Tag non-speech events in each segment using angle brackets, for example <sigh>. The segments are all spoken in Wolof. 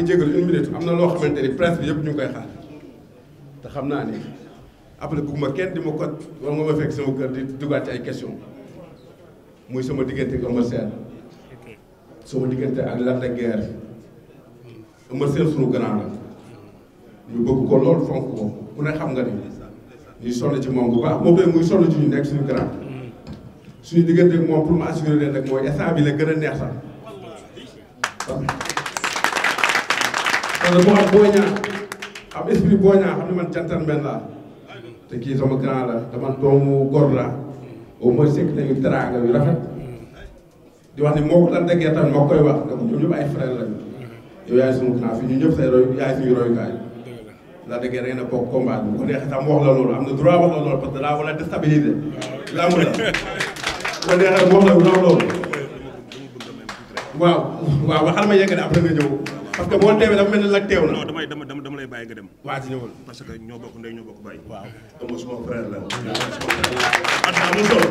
ngi jégalu am na loo xamante ni presse bi yëpp ñu ngi koy xaar te xam naa ni après ma kenn di ma ko war nga ma fekk sama kër di dugaat ci ay question muy sama diggante ak Eumeu Sène sama diggante ak Lac de Guiers Eumeu Sène la ñu bëgg ko lool fonk ko ku ne xam nga ni ñuy sonn ci moom bu baax moom rek muy sonn ci ñu nekk suñu grand suñu diggante ak moom pour ma assurer leen rek mooy instant bi la gën a neex sax wala bu am booñaa am esprit booñaa xam ne man jantan benn te kii sama grand la te man doomu góor laa au moins sekk nañu teraanga yu rafet di wax ni moo ko la dëggee rek na bokk combat mu wax la loolu am na droit wax la loolu parce que waaw waaw waxal ma yegg ne après nga ñëw parce que boo teewee dafa mel ni nag teew na. non damay dama dama lay bàyyi nga dem. waa ci ñëwul que ñoo bokk ndey ñoo bokk bàyyi. waaw donc suma frère la. at naa mu solo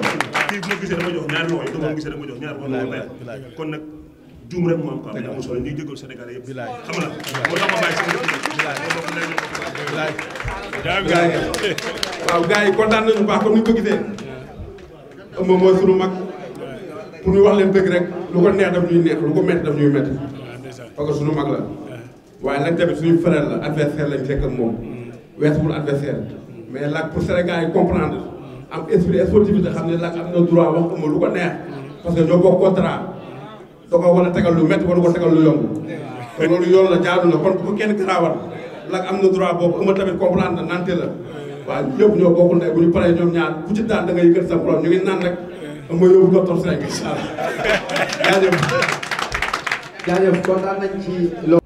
kii bu ma gisee dama jox ñaari loxo yi ma gisee dama jox ñaari loxo kon nag juum rek moo am quoi amul solo ñuy bu baax comme ni ñu ko gisee. ëmb mooy sunu mag pour ñu wax leen dëgg rek lu ko neex daf ñuy neex lu ko métti daf ñuy métti parce que suñu mag la waaye nag tamit suñu frère la adversaire lañ fekk ak moom weesuwul adversaire mais Lac pour Sénégal yi comprendre am esprit xam ne Lac am na droit wax ko lu ko neex parce que ñoo bokk contrat da ko war tegal lu métti wala ko tegal lu yomb te loolu yoon la jaadu na kon bu kenn garaawal Lac am na droit boobu ëmb tamit comprendre na nante la waaw ñëpp ñoo bokkul ne bu ñu paree ñoom ñaar ku ci daan da ngay yëkkati sa borom ñu ngi naan nag <laughs> jaajëf kontaan nañ ci loolu